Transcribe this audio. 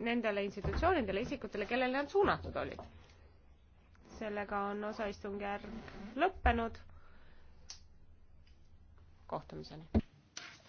nendele institutsioonidele, isikutele, kellele nad suunatud olid. sellega on osaistungjärg lõppenud. kohtumiseni.